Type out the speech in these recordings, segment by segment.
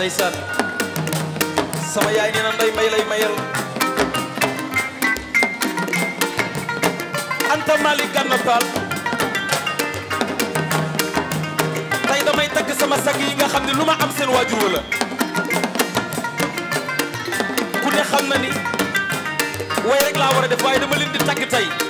ndeysaan sama yaay nee na nday may lay mayal anta mali gànna taal tey damay takk sama sag yi nga xam ne lu ma am seen waajur la ku ne xam na ni way rek laa war a def waaye dama leen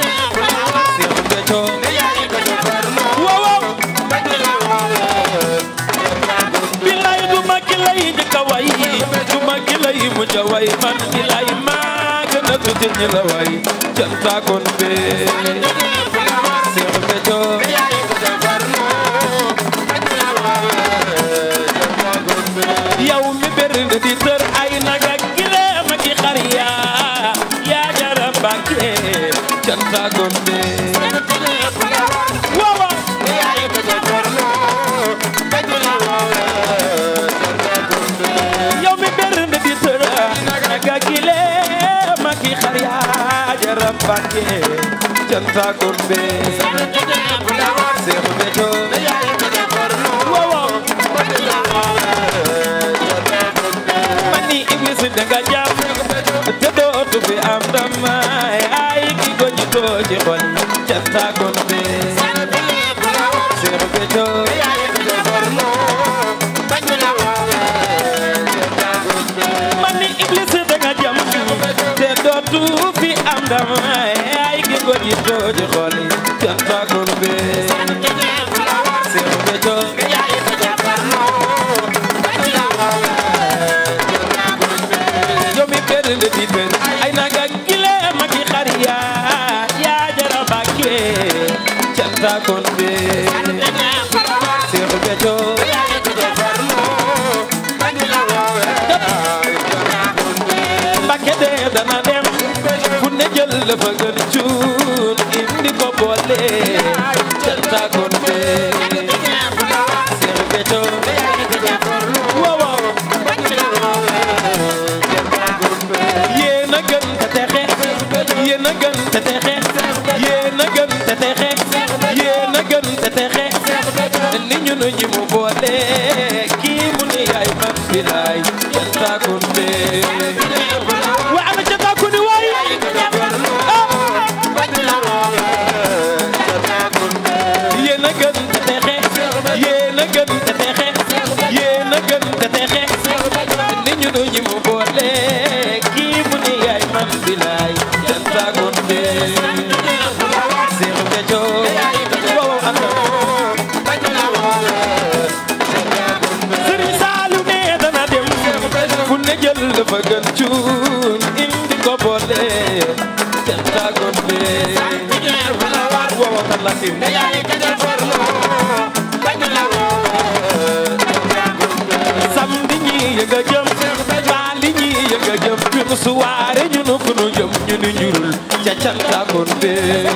mujj a way man mi lay maa gën a tuuti ñi la way cantakon be Seex Béthio yow mi bernde di tër ay nag ak gileem ak i xar yaa yaa jara Mbàkke cantakon be Mbàkke canta gombe Seex Béthio mani iblis danga jàpp te dootu fi am ndam ay ki goñito ci xol canta gombe Seex Béthio do am dama ay ki ko jiitu ci xol yi kan tàggul be Seex Béthio jomi perdre di ben ay naga gile maki xar yaa yaa jara bakke can tàggul be dafa gën cuun indi ko boole jantaagoon bee wawa kalakin samedi ñi a jëm baali ñi ca jantaagoon bee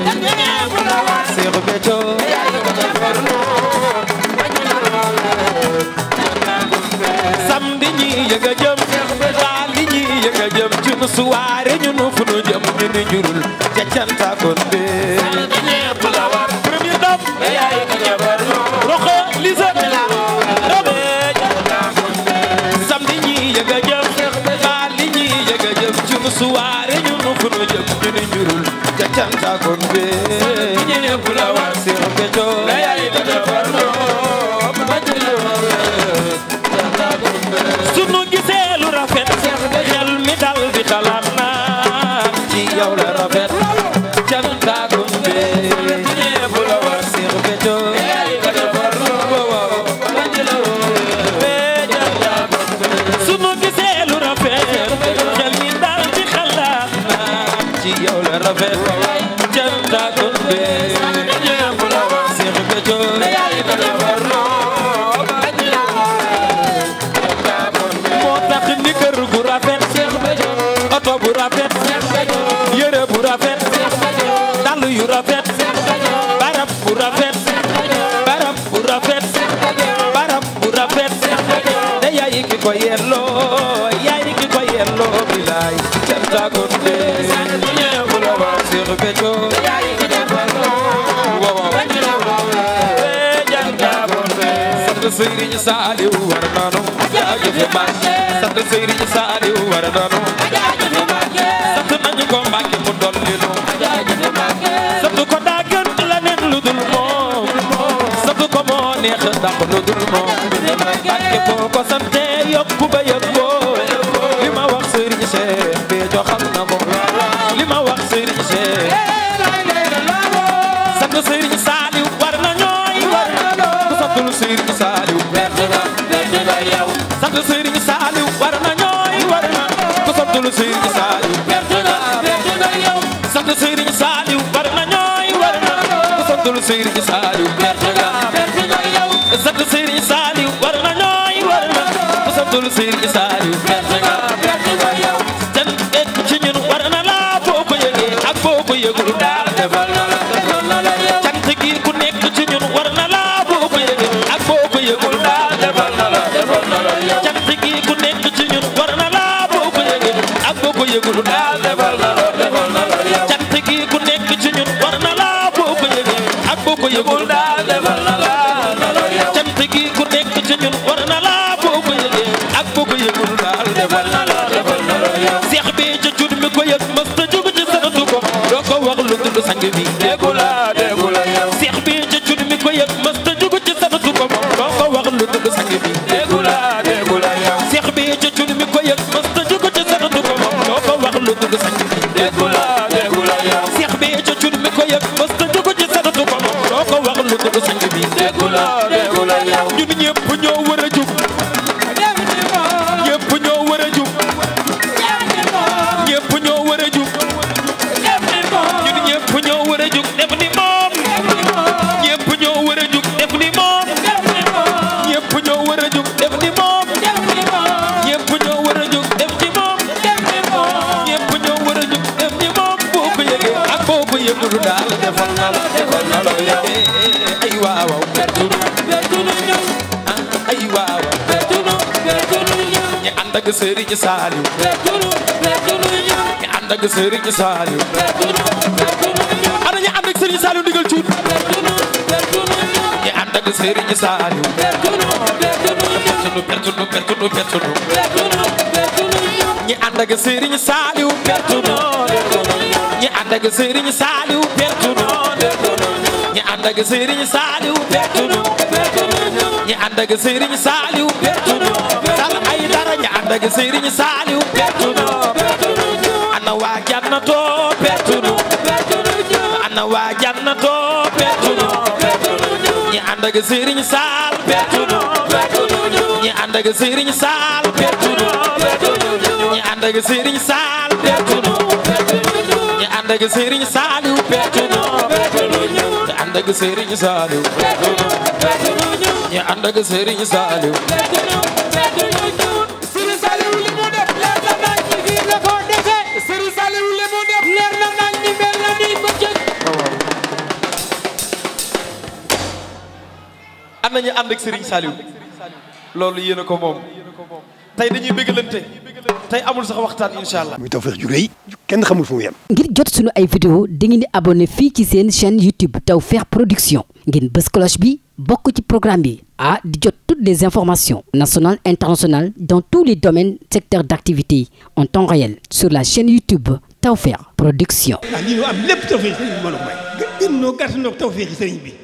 jurul ja canta kon be ñene kula wa sir keto rafet dàll yu rafet barab bu rafet barab bu rafet barab bu rafet de yaay ki ko yelloo yaay ki ko yelloo bilaay cantagon de ñeewu la waa Seex Béthio sant Serigne Saliou war nanu jaajëf ma sant Serigne Saliou war nanu ndax lu dul moom barke boo ko sante yokku ba yëg li ma wax sëriñ Cheikh bi joxal na ko li ma wax sëriñ Cheikh sant sëriñ Saliou war na ñooy war na sant sëriñ Saliou dul sil isaari berte nga berte nga yow ten et ci ñun war na la boo ko yëgee ak boo ko yëgul daal defal na la defal na la yow cant gi ku nekk ci ñun war na la boo ko yëgee ak boo ko yëgul daal defal na la defal na la yow cant gi ku nekk ci ñun war na la boo ko yëgee ak boo ko yëgul daal defal na la sang bi déggu la déggu la yow seex bi ca cun mi ko yëg mës ta jugu ci sanatu ko moom doo ko wax lu dëgg sang bi déggu la déggu la yow seex bi ca cun mi ko yëg mës ta jugu ci sanatu ko moom doo ko wax lu dëgg sang bi déggu la déggu la yow seex bi a jug ak sëriñ Saliou ñu ànd ak sëriñ Saliou ana ñu ànd ak sëriñ Saliou ndigal cuut ñu ànd ak sëriñ Saliou pertunu pertunu pertunu pertunu ñu ànd ak sëriñ Saliou pertunu ñu ànd ak sëriñ Saliou pertunu ñu ànd ak sëriñ Saliou pertunu ñu ànd ak sëriñ Saliou pertunu dëgg Serigne Saliou bettu na bettu na ana waa jànnatoo bettu na bettu na ana waa jànnatoo bettu na bettu na ñi ànd ak Serigne Sall bettu na bettu na ñi ànd ak Serigne Sall bettu na bettu na ñi ànd ak Serigne Sall bettu na bettu na ñi ànd ak Serigne Saliou bettu na bettu na ñi ànd ak Serigne Saliou bettu na bettu na ñi ànd ak Serigne Saliou bettu na bettu na nañu ànd ak Serigne Saliou ko moom tey dañuy bëggalante tey amul sax waxtaan allah. muy Tawfekh ju rëy kenn ngir jot sunu ay vidéo dangeen di abonné fii ci seen chaîne YouTube Tawfekh Production ngeen bës cloche bi bokk ci programme bi ah di jot toutes des informations nationale internationales dans tous les domaines secteurs d'activité en temps réel sur la chaîne YouTube Tawfekh Production. ah lii am lépp